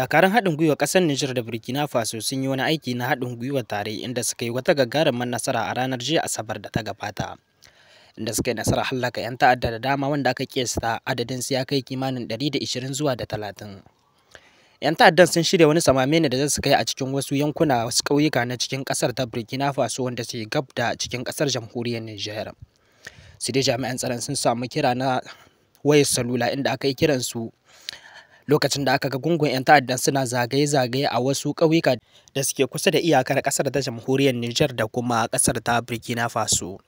Dakarun haɗin gwiwa ƙasar Nijar da Burkina Faso sun yi wani aiki na haɗin gwiwa tare inda suka yi wata gagarumar nasara a ranar jiya Asabar da ta gabata. Inda suka yi nasara hallaka 'yan ta'adda da dama wanda aka kiyasta adadin su ya kai kimanin ɗari da 120 zuwa da 30. 'Yan ta'addan sun shirya wani samame ne da za su kai a cikin wasu yankuna wasu ƙauyuka na cikin ƙasar ta Burkina Faso wanda suke gab da cikin ƙasar jamhuriyar Nijar. Sai dai jami'an tsaron sun samu kira na wayar salula inda aka yi kiransu lokacin da aka ga gungun 'yan ta'addan suna zagaye-zagaye a wasu ƙauyuka da suke kusa da iyakar ƙasar ta jamhuriyar Nijar da kuma ƙasar ta Burkina Faso.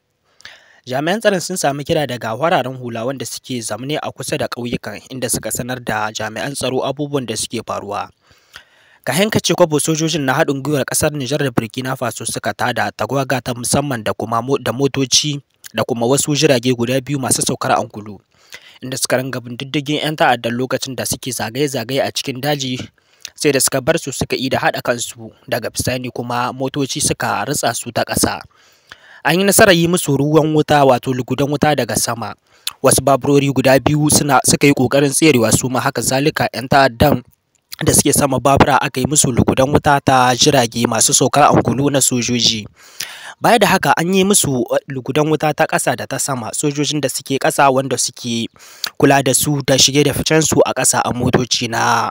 Jami'an tsaron sun sami kira daga wararen hula wanda suke zamne a kusa da ƙauyukan inda suka sanar da jami'an tsaro abubuwan da suke faruwa. Ka hankace kwabo sojojin na haɗin gwiwar ƙasar Nijar da Burkina Faso suka tada tagwaga ta musamman da kuma da motoci da kuma wasu jirage guda biyu masu saukar angulu. inda suka ranga bin diddigin 'yan ta'addan lokacin da suke zagaye-zagaye a cikin daji sai da suka bar su suka da haɗa kansu daga bisani kuma motoci suka ritsa su ta ƙasa an yi nasarar yi musu ruwan wuta wato lugudan wuta daga sama wasu baburori guda biyu suna suka yi ƙoƙarin tserewa su ma haka zalika 'yan ta'addan da suke sama babura aka yi musu lugudan wuta ta jirage masu saukar angulu na sojoji Baya da haka an yi musu uh, lugudan wuta ta ƙasa da ta sama sojojin da suke ƙasa wanda suke kula da su da shige da ficen su a ƙasa a motoci na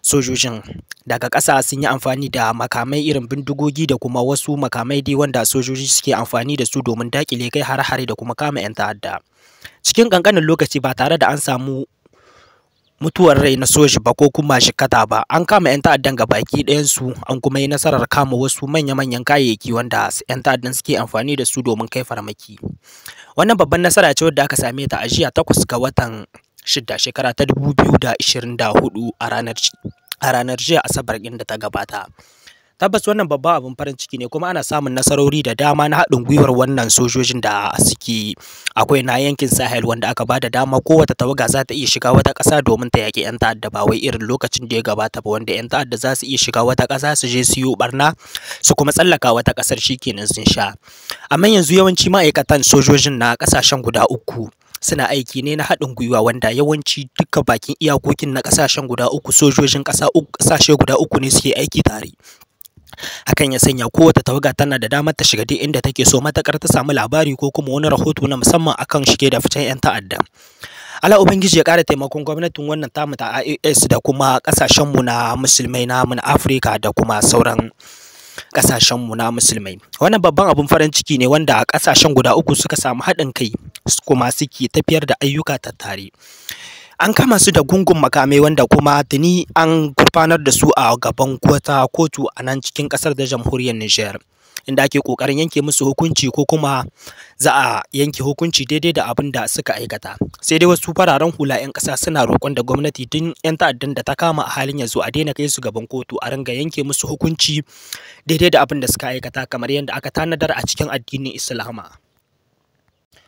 sojojin daga ƙasa sun yi amfani da makamai irin bindigogi da kuma wasu makamai dai wanda sojoji suke amfani da su domin dakile kai har-hare da kuma kama 'yan ta'adda cikin ƙanƙanin lokaci ba tare da an samu mutuwar rai na soji ba ko kuma shikata ba an kama 'yan ta'addan ga baki ɗayansu an kuma yi nasarar kama wasu manya-manyan kayayyaki wanda 'yan ta'addan suke amfani da su domin kai farmaki wannan babban nasara ce wadda aka same ta a jiya takwas ga watan shida shekara ta 2024 a ranar a ranar jiya asabar ɗin da ta gabata tabbas wannan babban abin farin ciki ne kuma ana samun nasarori da dama na haɗin gwiwar wannan sojojin da suke akwai na yankin sahel wanda aka bada dama kowace tawaga za ta iya shiga wata ƙasa domin ta yaƙi 'yan ta'adda ba wai irin lokacin da ya gabata ba wanda 'yan ta'adda za su iya shiga wata ƙasa su je su yi barna su kuma tsallaka wata ƙasar shikenan sun sha amma yanzu yawanci ma'aikatan sojojin na ƙasashen guda uku suna aiki ne na haɗin gwiwa wanda yawanci duka bakin iyakokin na ƙasashen guda uku sojojin ƙasashe guda uku ne suke aiki tare hakan ya sanya kowace tawaga tana da damar ta shiga duk inda take so matakar ta samu labari ko kuma wani rahoto na musamman akan shige da ficen 'yan ta'adda Allah Ubangiji ya ƙara taimakon gwamnatin wannan tamu ta IAS da kuma ƙasashenmu na musulmai na mun Afirka da kuma sauran ƙasashenmu na musulmai. Wannan babban abun farin ciki ne wanda ƙasashen guda uku suka samu haɗin kai kuma suke tafiyar da ayyuka tare. an kama su da gungun makamai wanda kuma tuni an gurfanar da su a gaban wata kotu a nan cikin kasar da jamhuriyar Nijar inda ake kokarin yanke musu hukunci ko kuma za a yanke hukunci daidai da abin da suka aikata sai dai wasu fararen hula 'yan kasa suna roƙon da gwamnati tun 'yan ta'addan da ta kama a halin yanzu a daina kai su gaban kotu a ringa yanke musu hukunci daidai da abin da suka aikata kamar yadda aka tanadar a cikin addinin islama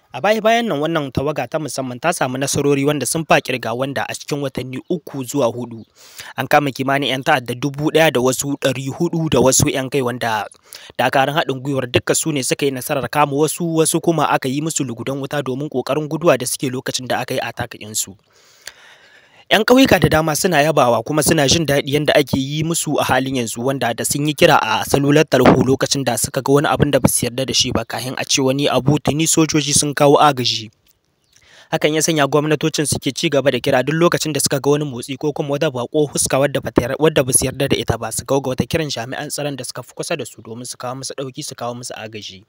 A baya bayan nan wannan tawaga ta musamman ta samu nasarori wanda sun fa kirga wanda a cikin watanni uku zuwa hudu an kama kimanin 'yan ta'adda dubu ɗaya da wasu ɗari hudu da wasu 'yan kai wanda dakarun haɗin gwiwar duka su ne suka yi nasarar kama wasu wasu kuma aka yi musu lugudan wuta domin ƙoƙarin guduwa da suke lokacin da aka yi a takakinsu. su. 'Yan ƙauyuka da dama suna yabawa kuma suna jin daɗi yadda ake yi musu a halin yanzu wanda da sun yi kira a salular tarho lokacin da suka ga wani abin da ba su yarda da shi ba kahin a ce wani abu tuni sojoji sun kawo agaji. hakan ya sanya gwamnatocin suke ci gaba da kira duk lokacin da suka ga wani motsi ko kuma wata bako huska wadda ba su yarda da ita ba su ga wata kiran jami'an tsaron da suka fi kusa da su domin su kawo musu dauki su kawo musu agaji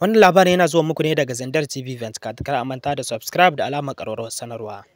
wannan labarin yana zuwa muku ne daga Zandar TV Vent ka a manta da subscribe da alamar ƙararrawar sanarwa